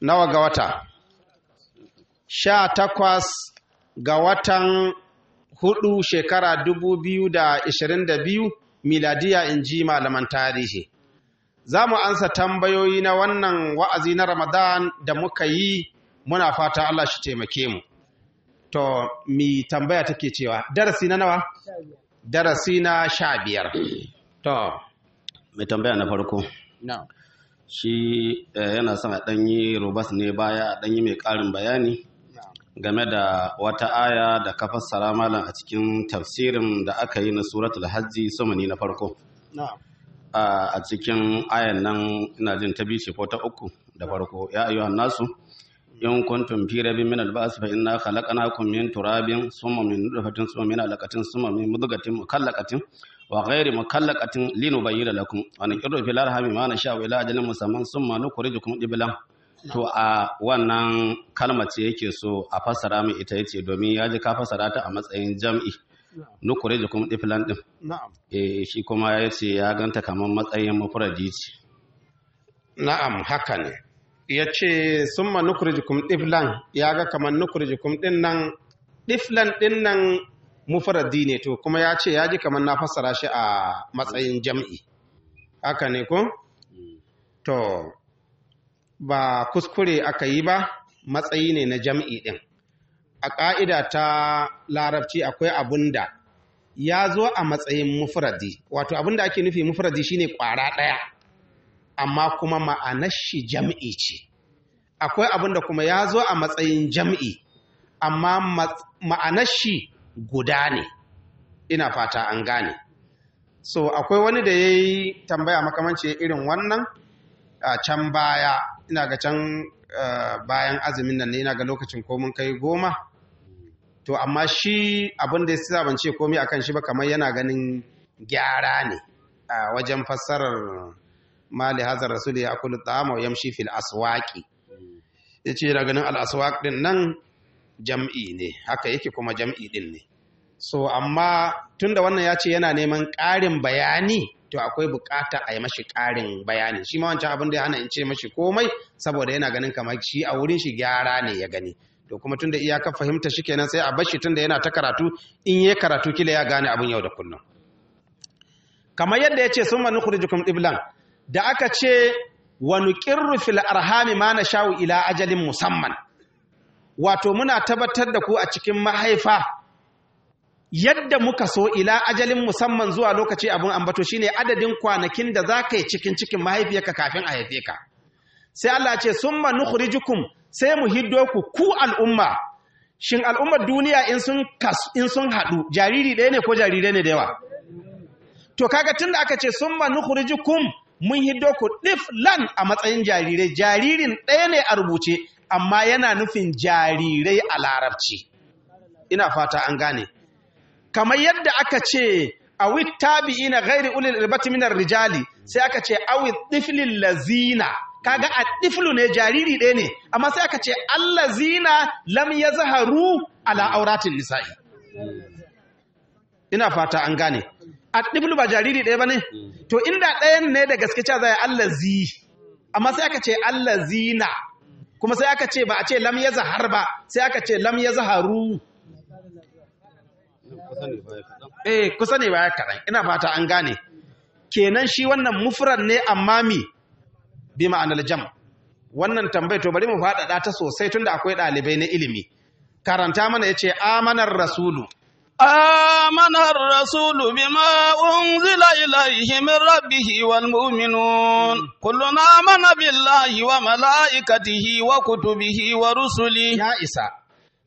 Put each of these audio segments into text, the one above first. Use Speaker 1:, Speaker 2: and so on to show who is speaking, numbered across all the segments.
Speaker 1: nawa ga wata sha takwas ga watan hudu shekara dubu biyu da ishirin da biyu miladiya in ji malaman tarihi za mu ansa tambayoyi na wannan wa'azi na ramadan da muka yi muna fata allah shi taimake mu to mi tambaya take cewa darasi na nawa darasi na sha biyar
Speaker 2: to mai tambaya na farko no. shi eh, yana son a ɗanyi robas ne baya a ɗanyi mai ƙarin bayani game da wata aya da ka fassara malam a cikin tafsirin da aka yi na suratul hajji somani na farko a cikin ayan nan ina jin ta biyu ko ta uku da farko ya nasu in kuntum fi rabbin min al-ba's fa inna khalaqnakum min turabin summa min nutfatin summa min alaqatin summa min mudghatin wa ghairi mukallaqatin linubayyana lakum wa naqirru fil arhami ma nasha wa ila ajalin musamman summa nukhrijukum iblan to a wannan kalmar ce yake so a fassara mu ita yace domin ya ji ka fassara ta a matsayin jam'i nukhrijukum iblan din na'am eh shi kuma yace ya ganta kamar matsayin mufradi ce na'am haka ne
Speaker 1: yace summa nukhrijukum iblan ya ga kamar nukhrijukum din nan iflan din nan mufaradi ne to kuma ya ce ya ji kamar na fassara shi a matsayin jam'i haka ne ko to ba kuskure aka yi ba matsayi ne na jam'i ɗin a ƙa'ida ta larabci akwai abun da ya zo a matsayin mufradi wato abin da ake nufi mufradi shine kwara ɗaya amma kuma ma'anar jam'i ce akwai abin da kuma ya zo a matsayin jam'i amma ma'anar shi guda ne ina fata an gane so akwai wani da ya yi tambaya makamanci irin wannan a can baya ina ga can eh, bayan azumin nan ne ina ga lokacin komin kai goma to amma shi abin da ya sa ban ce komai akan shi ba kamar yana ganin gyara ne a wajen fassarar mali hazar rasul ya akulu ta'ama wa yamshi fil aswaqi yace daga nan al aswaq nan jam'i ne haka yake kuma jam'i din ne so amma tun da wannan ya ce yana neman ƙarin bayani to akwai bukata a yi mashi ƙarin bayani shi ma wancan abin da ya hana in ce mashi komai saboda yana ganin kamar shi a wurin shi gyara ne ya gani to kuma tun da iyakar fahimta shi kenan sai a bashi tun da yana ta karatu in ya karatu kila ya gane abin yau da kullum kamar yadda ya ce sun manu kurjukum iblan da aka ce wani nuqirru fil arhami ma nashau ila ajalin musamman wato muna tabbatar da ku a cikin mahaifa yadda muka so ila ajalin musamman zuwa lokaci abin ambato shine adadin kwanakin da za ka yi cikin cikin mahaifiyarka kafin a haife ka sai Allah ce summa nukhrijukum sai mu hiddo ku ku al'umma shin al'ummar duniya in sun haɗu jariri ɗaya ne ko jarirai ne da yawa to kaga tunda aka ce summa nukhrijukum mun hiddo ku lan a matsayin jarirai jaririn ɗaya ne a rubuce amma yana nufin jarirai a larabci ina fata an gane kamar yadda aka ce awit tabi'ina gairi ulil irbati minar rijali sai aka ce awit tiflil lazina kaga a tiflu ne jariri ɗaya ne amma sai aka ce allazina lam yazharu ala auratin nisa'i ina fata an gane a tiflu ba jariri ɗaya bane to inda ɗayan ne da gaske cewa zai allazi amma sai aka ce allazina kuma sai aka ce ba a ce lam zahar ba sai aka ce lam yazharu eh kusa ne baya kaɗan ina fata an gane kenan shi wannan mufuran ne amma mi bi ma'anar jam wannan tambayi to bari mu faɗaɗa ta sosai tunda akwai ɗalibai na ilimi karanta mana ce amanar rasulu
Speaker 2: Amanar Rasulu bi آمن الرسول بما أنزل إليه من ربه والمؤمنون wa
Speaker 1: mala'ikatihi wa kutubihi wa rusuli. Ya isa,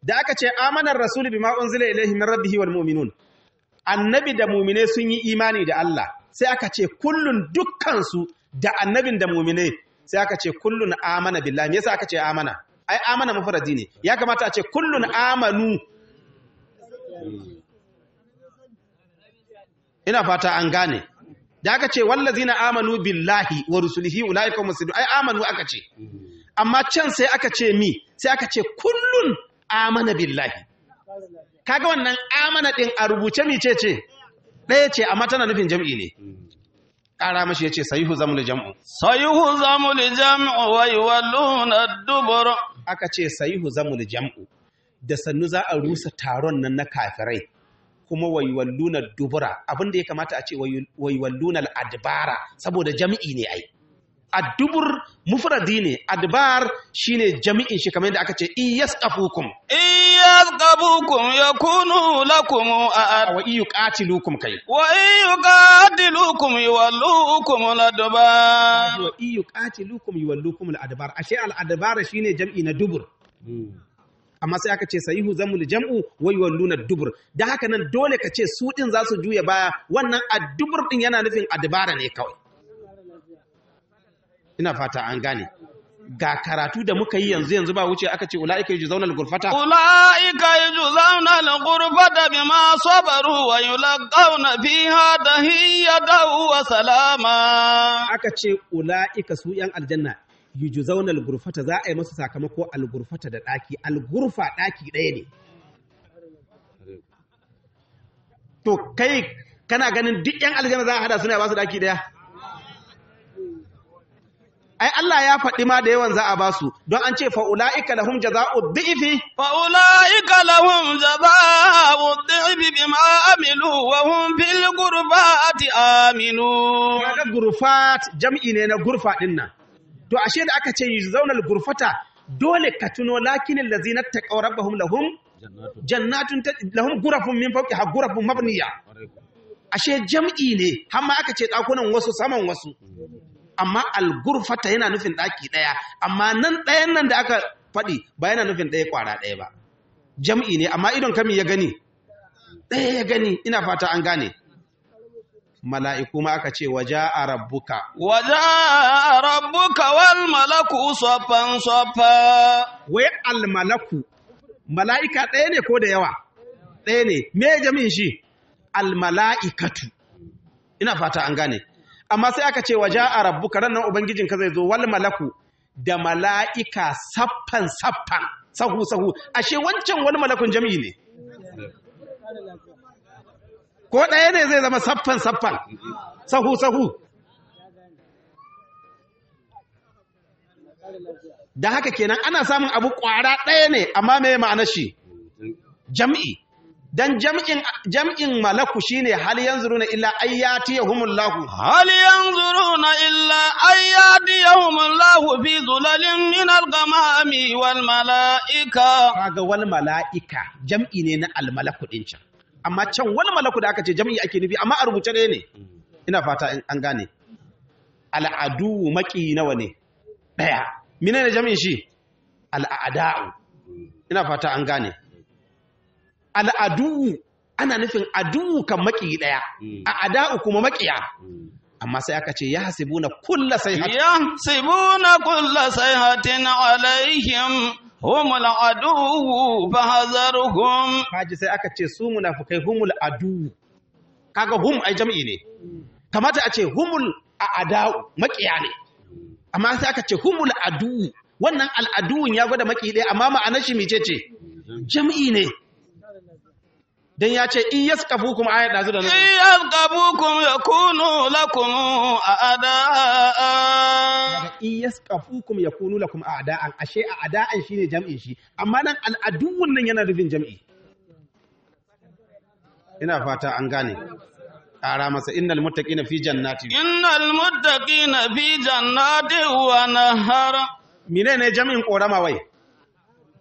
Speaker 1: da aka ce amanar rasuli bi ma'un zile ilaihi min rabbihi wal mu'minun annabi da mu'mine sun yi imani da Allah sai aka ce kullun dukkan su da annabin da mu'mine sai aka ce kullun amana billahi me yasa aka ce amana ai amana mufradi ne ya kamata a ce kullun amanu ina fata an gane da aka ce wallazina amanu billahi wa rusulihi ulaika hum ai amanu aka ce amma can sai aka ce mi sai aka ce kullun amana billahi kaga wannan amana din a rubuce mi ce ɗaya ce amma tana nufin jam'i ne ƙara mashi ya ce sayuhu zamu da jam'u sayuhu zamu da jam'u wa yuwalluna dubur aka ce sayuhu zamu da jam'u da sannu za a rusa taron nan na kafirai kuma wa yuwalluna dubura abinda ya kamata a ce wa yuwalluna al'adbara saboda jam'i ne ai addubur mufradi ne adbar shine jami'in shi kamar yadda aka ce iyaskafukum iyaskafukum yakunu lakum wa iyuqatilukum kai
Speaker 2: wa iyuqatilukum
Speaker 1: yuwallukum ladbar wa iyuqatilukum yuwallukum ladbar ashe al adbar shine jami'i na dubur amma sai aka ce sayihu zamul jam'u wai walluna dubur da haka nan dole ka ce su din za su juya baya wannan addubur din yana nufin adbara ne kawai ina fata an gane ga karatu da muka yi yanzu yanzu ba wuce aka ce ula'ika yujzauna al-ghurfata
Speaker 2: ula'ika yujzauna al-ghurfata
Speaker 1: bima sabaru wa yulqauna fiha tahiyatan wa salama aka ce ula'ika su yan aljanna yujzauna al-ghurfata za a yi masu sakamako al-ghurfata da daki al-ghurfa daki daya ne to kai kana ganin duk yan aljanna za a hada suna ba su daki daya ai Allah ya faɗi ma da yawan za a basu don an ce fa'ula'ika lahum jaza'u dhi'fi fa'ula'ika lahum jaza'u dhi'fi bima amilu wa hum fil ghurfati aminu kaga ghurfat jam'i ne na gurfa dinnan, to ashe da aka ce zaunar gurfata dole ka tuno lakini ladzina taqaw rabbahum lahum jannatun lahum mabniya ashe jam'i ne har ma aka ce ɗakunan wasu saman wasu mm. amma algurfata yana nufin ɗaki ɗaya amma nan ɗayan nan da aka faɗi ba yana nufin ɗaya ƙwara ɗaya ba jam'i ne amma idon kami ya gani ɗaya ya gani ina fata an gane mala'iku ma aka ce waje a rabbuka waje a wal malaku sofan sofa wai almalaku mala'ika ɗaya ne ko da yawa ɗaya ne me jami'in shi almala'ikatu ina fata an gane amma sai aka ce waja a rabbu karen nan ubangijin ka zai zo wal malaku da mala'ika saffan saffan sahu sahu ashe wancan wani malakun jami'i ne ko ɗaya ne zai zama saffan saffan sahu sahu da haka kenan ana samun abu ƙwara ɗaya ne amma mai ma'ana shi jami'i. dan jam'in jam'in malaku shine hal yanzuruna illa yahumullahu hal yanzuruna illa yahumullahu fi zulalin min al-ghamami wal malaika kaga wal malaika jam'i ne na al malaku din can amma can wal malaku da aka ce jam'i ake nufi amma a rubuce ne ina fata an gane al'adu maki nawa ne daya menene jam'in shi a'da'u ina fata an gane al'adu ana nufin aduwu kan maki daya hmm. a ada'u kuma makiya hmm. amma sai aka ce ya na kulla sai hatin ya na kulla hatin alaihim humul hazar hum kaji sai aka ce su munafukai humul adu kaga hum ai jam'i ne kamata a ce humul a ada'u makiya ne hmm. amma sai aka ce humul adu wannan al'aduwun ya gwada maki ɗaya amma ma'anar shi mece ce jam'i ne dan ya ce in yaskafu kuma ayat dazu da nan yas yaskafu kuma yakunu lakum a'da'an in yaskafu kuma yakunu lakum a'da'an ashe a'da'an shine jam'in shi amma nan al'adun wannan yana rufin jam'i ina fata an gane ƙara masa innal muttaqina fi jannati
Speaker 2: innal muttaqina fi jannati wa nahar
Speaker 1: menene jam'in korama wai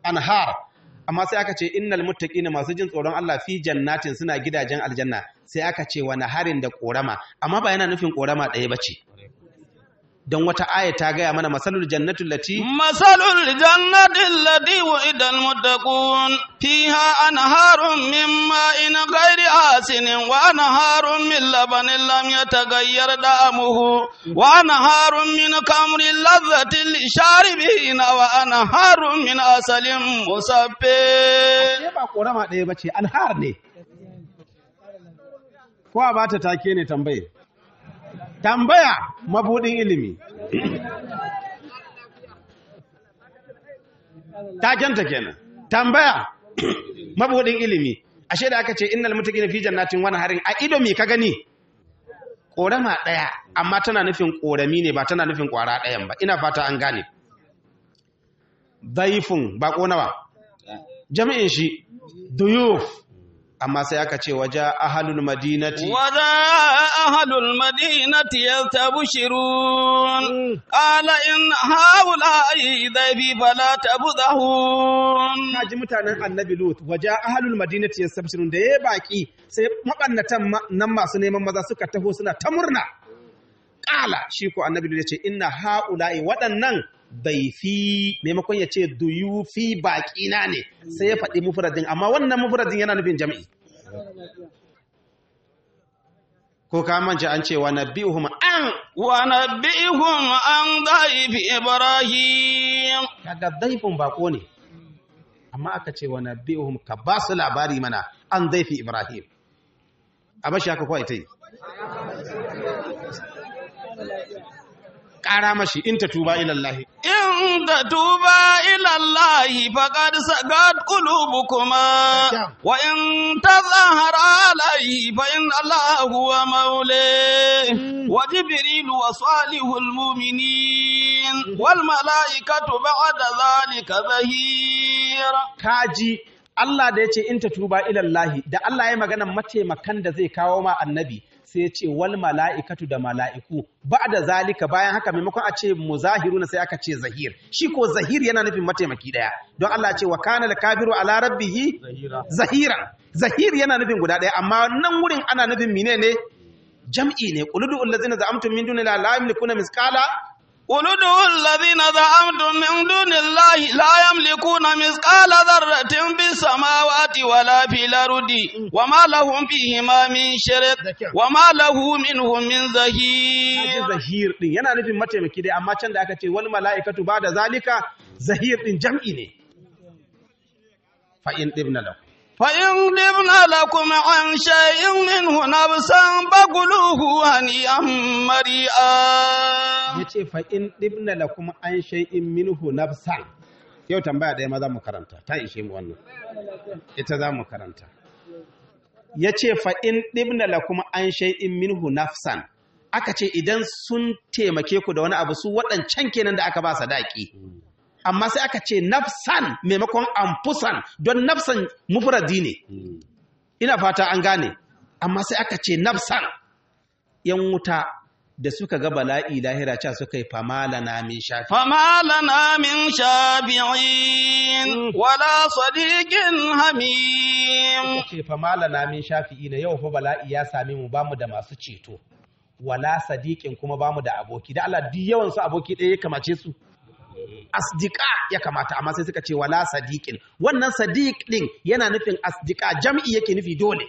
Speaker 1: anhar amma sai aka ce innal muttaqina masu jin tsoron Allah fi jannatin suna gidajen aljanna sai aka ce wani harin da korama amma ba yana nufin korama ɗaya bace don wata aya ta gaya mana masalul jannatul lati masalul jannatil lati wa'ida muttaqun fiha anharun
Speaker 2: min ma'in ghairi asinin wa anharun min labanin lam yataghayyar da'amuhu wa anharun min kamrin ladhatin lisharibin wa anharun min asalin musaffi ba korama daya bace
Speaker 1: anhar ne ko ba ta take ne tambaye tambaya mabudin ilimi takenta kenan tambaya mabudin ilimi ashe da aka ce innal muttaqina fi jannatin wa harin a ido me ka gani korama daya amma tana nufin korami ne ba tana nufin kwara dayan ba ina fata an gane daifun ba nawa jami'in shi duyuf amma sai aka ce waje ahalul madinati waje ahalul madinati shirun. Hmm.
Speaker 2: ala in haula
Speaker 1: idhabi fala Na kaji mutanen annabi lut waje ahalul madinati shirun. da yayi baki sai mabannatan nan masu neman maza suka taho suna ta murna Ƙala, shi ko annabi lut ya ce inna haula'i waɗannan baifi maimakon ya ce duyufi baƙina ne sai ya faɗi mufradin amma wannan mufradin yana nufin jami'i ko ka manja an ce wa nabbi'uhum an wa nabbi'uhum an daifi ibrahim kaga daifin bako ne amma aka ce wa nabbi'uhum ka ba su labari mana an daifi ibrahim a mashi haka kawai ta yi ƙara mashi in ta tuba ilallahi
Speaker 2: in ta tuba ilallahi faqad sagat kuma. wa in ta alayhi fa in Allah huwa maule mm. wa jibril wa salihul mu'minin mm. wal malaikatu ba'da zalika
Speaker 1: zahir kaji Allah da ya ce in ta tuba ilallahi da Allah ya magana mataimakan da zai kawo ma annabi sai ya ce wal mala'ikatu da mala'iku ba da zalika bayan haka maimakon a ce na sai aka ce zahir shi ko zahir yana nufin mataimaki daya don Allah ce wa kana al kafiru ala rabbihi
Speaker 2: zahira
Speaker 1: zahir yana nufin guda daya amma nan wurin ana nufin ne jam'i ne qul du'u allazina za'amtum min dunillahi la yamlikuna mithqala قل ادعوا الذين زعمتم من
Speaker 2: دون الله لا يملكون مثقال ذرة في السماوات ولا في
Speaker 1: الأرض وما لهم فيهما من شرك وما له منهم من زهير زهير din yana nufin mataimaki dai amma can da aka ce wani mala'ikatu ba da zalika zahir din jam'i ne fa in ibna lahu فإن
Speaker 2: لبن لكم عن شيء منه نفسا فكلوه هنيئا
Speaker 1: مريئا yace fa in dibna lakum an shay'in minhu nafsa yau tambaya ɗaya ma za mu karanta ta ishe mu wannan ita za mu karanta yace fa in dibna lakum an shay'in minhu nafsan aka ce idan sun taimake ku da wani abu su waɗancan kenan da aka ba sadaki amma sai aka ce nafsan maimakon amfusan don nafsan mufuradi ne hmm. ina fata an gane amma sai aka ce nafsan yan wuta da suka ga bala'i lahira ca suka yi na min shafi na min shafi'in
Speaker 2: hmm. wala sadiqin hamim
Speaker 1: ce na min na yau fa bala'i ya sami mu bamu da masu ceto wala sadiqin kuma bamu da aboki da Allah duk yawan su aboki ɗaya ya kamace su asdiqa ya kamata amma sai suka ce wala sadiqin wannan sadiq din yana nufin asdiqa jam'i yake nufi dole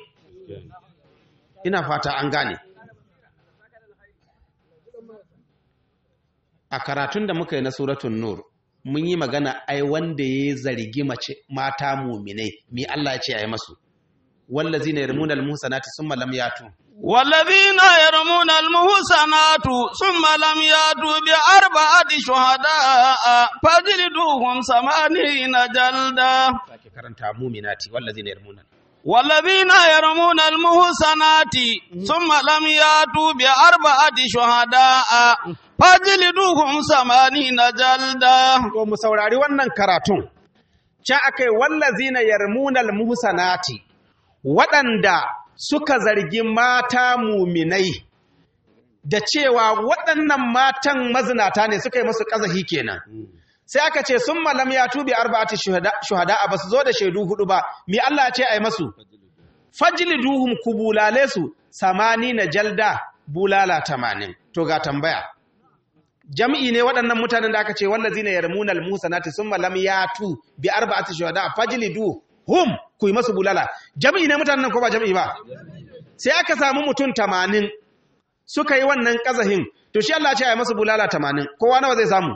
Speaker 1: ina fata an gane a karatun da muka yi na suratun nur mun yi magana ai wanda ya zargi mace mata muminai me Allah ya ce yi masu wallazina yarmunal muhsanati malam ya tun. والذين يرمون
Speaker 2: المحصنات ثم لم يأتوا بأربعة شهداء فجلدوهم ثمانين جلدا
Speaker 1: والذين يرمون
Speaker 2: والذين يرمون المحصنات ثم لم يأتوا بأربعة
Speaker 1: شهداء فجلدوهم ثمانين جلدا ومسوراري ونن كراتون شاكي والذين يرمون yarmuna almuhsanati waɗanda suka zargi mata muminai da cewa waɗannan matan mazinata ne suka yi musu ƙazahi kenan sai aka ce sun malam ya tubi arba'ati shuhada a basu zo da shaidu hudu ba mi Allah ce ai masu fajliduhum ku bulale su samani na jalda bulala tamanin to ga tambaya jam'i ne waɗannan mutanen da aka ce wallazi na yarmunal musanati sun malam ya tu bi arba'ati shuhada fajlidu hum ku yi masu bulala jami'i ne mutanen ko ba jami'i ba sai aka samu mutum tamanin suka yi wannan kazahin to shi Allah ce ya masu bulala tamanin kowa nawa zai samu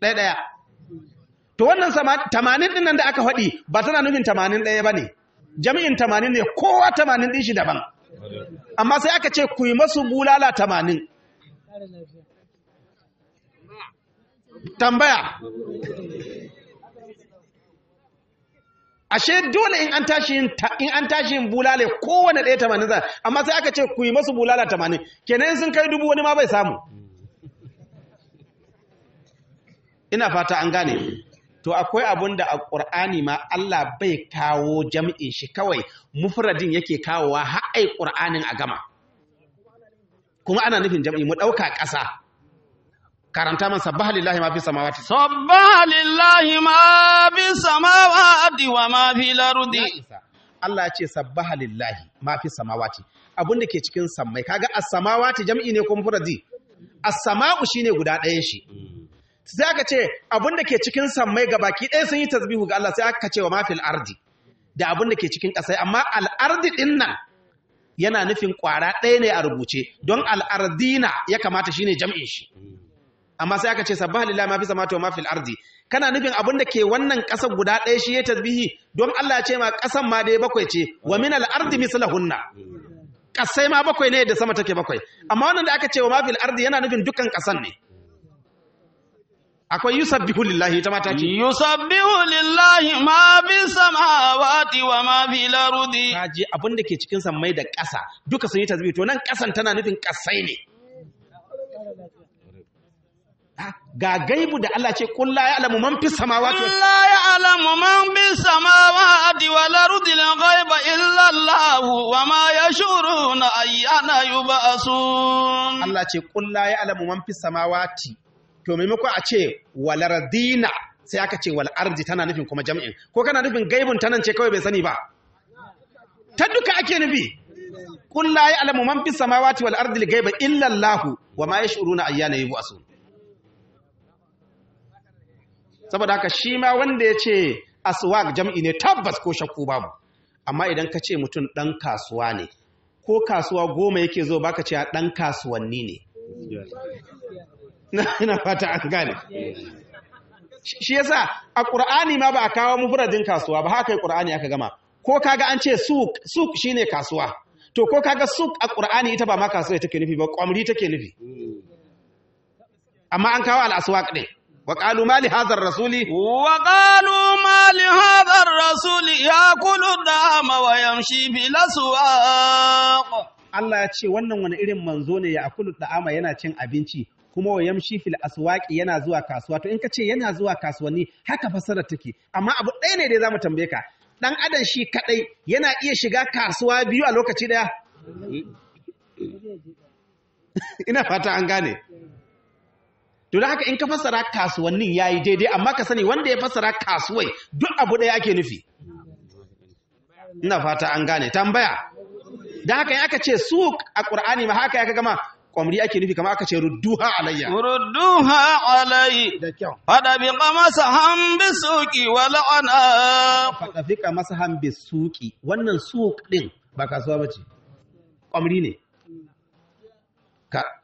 Speaker 1: ɗaya ɗaya to wannan tamanin ɗin nan da aka faɗi ba tana nufin tamanin ɗaya ba ne jami'in tamanin ne kowa tamanin din shi daban amma sai aka ce ku yi masu bulala tamanin tambaya ashe dole in an tashi in an tashi in bulale kowane ɗaya tamanin zai amma sai aka ce ku yi masu bulala tamanin kenan sun kai dubu wani ma bai samu ina fata an gane to akwai abun da a ƙur'ani ma Allah bai kawo jam'in shi kawai mufradin yake kawowa har ai ƙur'anin a gama kuma ana nufin jam'i mu ɗauka ƙasa karanta man sabbaha lillahi ma fi samawati sabbaha
Speaker 2: lillahi ma fi samawati wa ma fi lardi
Speaker 1: Allah ya ce sabbaha lillahi ma fi samawati abin ke cikin samai, kaga as-samawati jam'i ne ko mufradi as-sama'u shine guda ɗayan shi sai aka ce abunda ke cikin samai ga baki ɗaya sun yi tasbihu ga Allah sai aka ce wa ma fil ardi da abunda ke cikin ƙasa amma al-ardi din nan yana nufin ƙwara ɗaya ne a rubuce don al-ardina ya kamata shine jam'in shi amma sai aka ce sabbaha lillah ma fi samawati wa ma fil ardi kana nufin abin da ke wannan ƙasar guda ɗaya shi ya tasbihi don Allah ya ce ma ƙasan ma dai bakwai ce wa min al ardi mislahunna ƙasai ma bakwai ne da sama take bakwai amma wannan da aka ce wa ma fil ardi yana nufin dukkan ƙasan ne akwai yusabbihu lillahi ta mata ce yusabbihu lillahi ma fi samawati wa ma fi larudi kaji abin da ke cikin sammai da ƙasa duka sun yi tasbihi to nan ƙasan tana nufin ƙasai ne ga gaibu da Allah ce qul la ya'lamu man fis samawati qul
Speaker 2: la ya'lamu man fis samawati wal ardi al ghaiba illa Allah wa ma yashuruna ayyana
Speaker 1: yub'asun Allah ce qul la ya'lamu man fis samawati to maimako a ce wal ardina sai aka ce wal ardi tana nufin kuma jam'in ko kana nufin gaibun nan ce kawai bai sani ba ta duka ake nufi qul la ya'lamu man fis samawati wal ardi al ghaiba illa Allah wa ma yashuruna ayyana yub'asun saboda haka shi ma wanda ya ce aswak jam'i ne tabbas ko shakku babu amma idan ka ce mutum ɗan kasuwa ne ko kasuwa goma yake zo baka ce ɗan kasuwanni ne na fata an gane shi yasa a ƙur'ani ma ba a kawo mufradin kasuwa ba haka ƙur'ani aka gama ko kaga an ce suk suk shine kasuwa to ko kaga suk a ƙur'ani ita ba ma kasuwa take nufi ba ƙwamri take nufi amma an kawo al'asuwa ɗin وقالوا ما لهذا الرسول
Speaker 2: وقالوا ما لهذا الرسول
Speaker 1: ياكل الدعام ويمشي بالاسواق Allah ya ce wannan wani irin manzo ne ya akulu da'ama yana cin abinci kuma wa yamshi fil aswaqi yana zuwa kasuwa to in ka ce yana zuwa kasuwanni haka fasara take amma abu ɗaya ne dai zamu tambaye ka dan adam shi kadai yana iya shiga kasuwa biyu a lokaci daya ina fata an gane to da haka in ka fassara kasuwannin ya yi daidai amma ka sani wanda ya fassara kasuwai duk abu ɗaya ake nufi ina fata an gane tambaya da haka in aka ce suk a ƙur'ani ma haka ya ka gama kwamri ake nufi kama aka ce rudduha alayya rudduha alayyi. fada bi masa han bisuki wa la'ana fada fi masa han bisuki wannan suk din ba kasuwa bace kwamri ne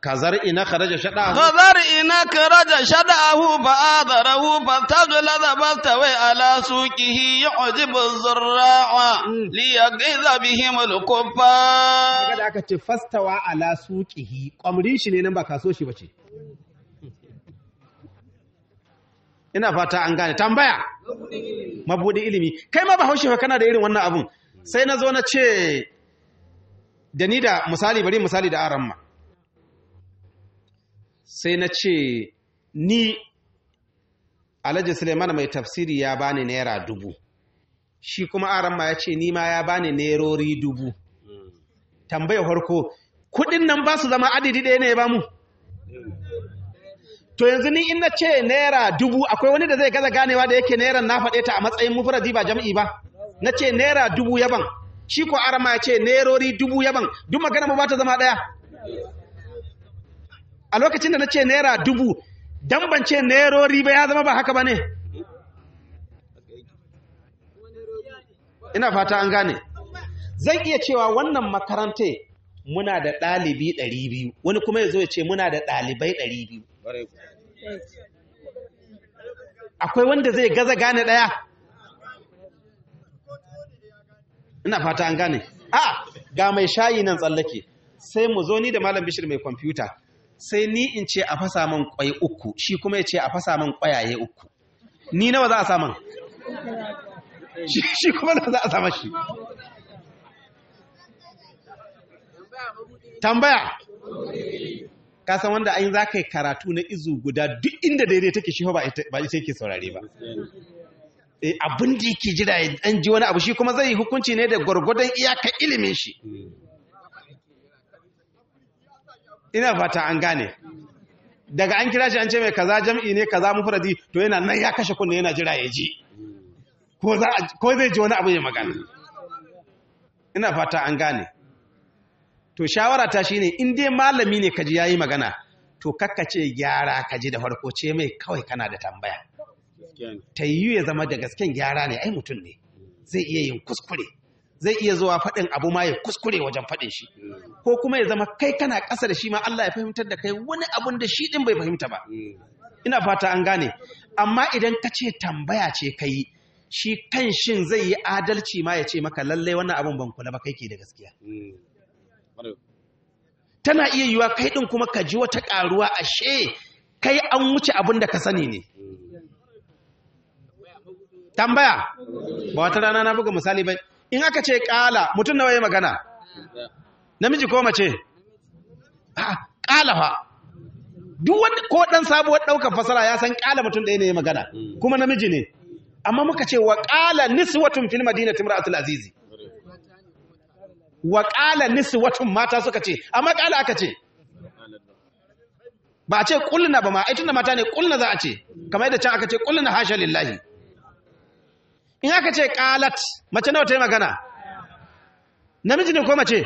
Speaker 1: كزرع خرج شدعه كزرع
Speaker 2: خرج شدعه فآذره فاستجلد فاستوى على سوقه يعجب الزراع ليغيظ بهم
Speaker 1: الكفار kada aka ce fastawa ala suqihi kwamrin shi ne nan ba kaso shi bace ina fata an gane tambaya mabudi ilimi kai ma ba haushi fa kana da irin wannan abun sai na zo na ce da ni da misali bari misali da aramma sai na ce ni alhaji suleiman mai tafsiri ya bani naira dubu shi kuma aramma ya ce ni ma ya bani nerori dubu tambaya farko kudin nan ba su zama adidi ɗaya ne ba mu to yanzu ni in na ce naira dubu akwai wani da zai gaza ganewa da yake naira na faɗe ta a matsayin mufradi ba jam'i ba na ce naira dubu yaban shi ko arama ya ce nerori dubu yaban duk magana ba ta zama ɗaya a lokacin da na ce naira dubu dan ban ce nairori ba ya zama ba haka ba ne ina fata an gane zan iya cewa wannan makarantar muna da ɗalibi ɗari biyu wani kuma ya zo ya ce muna da ɗalibai ɗari biyu akwai wanda zai gaza gane ɗaya ina fata an gane a ga mai shayi nan tsallake sai mu zo ni da malam bishir mai kwamfuta sai ni in ce a fasa man kwai uku shi kuma ya ce a fasa man kwayaye uku ni nawa za a saman shi kuma nawa za a sama shi tambaya ka san wanda an za ka yi karatu na izu guda duk inda daidai take shi ba ita yake saurare ba eh, abin da yake jira an ji wani abu shi kuma zai yi hukunci ne da gwargwadon iyaka ilimin shi ina fata an gane daga an kira shi an ce mai kaza jam'i ne kaza mufradi to yana nan ya kashe kunne yana jira ya ji ko zai ji wani abu ya magana ina fata an gane to shawara ta shine in dai malami ne kaji yayi magana to kakkace gyara kaji da farko ce mai kawai kana da tambaya ta yiwu ya zama da gasken gyara ne ai mutum ne zai iya yin kuskure zai iya zuwa faɗin abu ma ya kuskure wajen faɗin shi ko kuma ya zama kai kana ƙasa da shi ma Allah ya fahimtar da kai wani abun da shi ɗin bai fahimta ba ina fata an gane amma idan ka ce tambaya ce ka yi shi kan shin zai yi adalci ma ya ce maka lallai wannan abun ban kula ba kai ke da gaskiya tana iya yiwa kai ɗin kuma ka ji wata ƙaruwa ashe kai an wuce abun da ka sani ne tambaya ba wata rana na buga misali bai. in aka ce ƙala mutum na waye magana namiji ko mace ah, ƙala fa duk wani ko dan sabuwar daukar fasara ya san ƙala mutum ɗaya ne ya magana kuma namiji ne amma muka ce wa ƙala niswatun fil madinati atul azizi wa ƙala watun mata suka ce amma ƙala aka ce ba a ce ƙulna ba ma ai tunda mata ne ƙulna za a ce kamar yadda can aka ce ƙulna hasha lillahi in aka ce kalat mace nawa ta yi magana namiji ne ko mace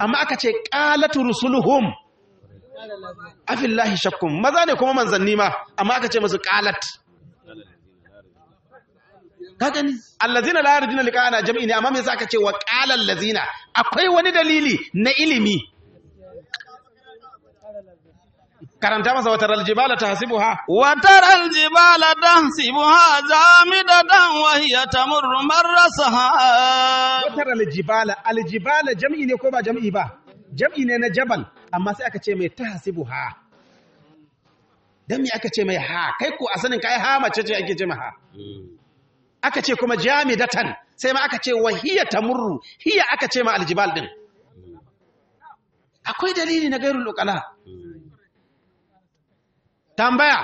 Speaker 1: amma aka ce kalat rusuluhum afillahi shakkun maza ne kuma manzanni ma amma aka ce musu kalat kakani allazina la yarjuna liqa'ana jam'i ne amma me yasa aka ce wa qala allazina akwai wani dalili na ilimi karanta masa wata raljibala ta ha? wata
Speaker 2: raljibala ta hasibuha jamidatan wa hiya tamurru marrasaha
Speaker 1: wata raljibala aljibala jam'i ne ko ba jam'i ba jam'i ne na jabal amma sai aka ce mai ta ha, dan me aka ce mai ha kai ko a sanin kai ha mace ce ake ce ha hmm. aka ce kuma jamidatan sai ma aka ce wa hiya tamurru hiya aka ce ma aljibal din hmm. akwai dalili na gairul uqala hmm. tambaya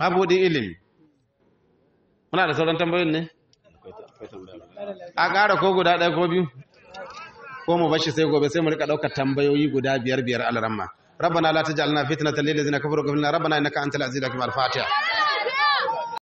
Speaker 1: mabudin ilimi muna da sauran tambayoyin ne a ƙara ko guda ɗaya ko biyu ko mu bashi sai gobe sai mu rika ɗaukar tambayoyi guda biyar biyar alramma ربنا لا تجعلنا فتنة للذين كفروا قبلنا ربنا إنك أنت العزيز الحكيم الفاتحة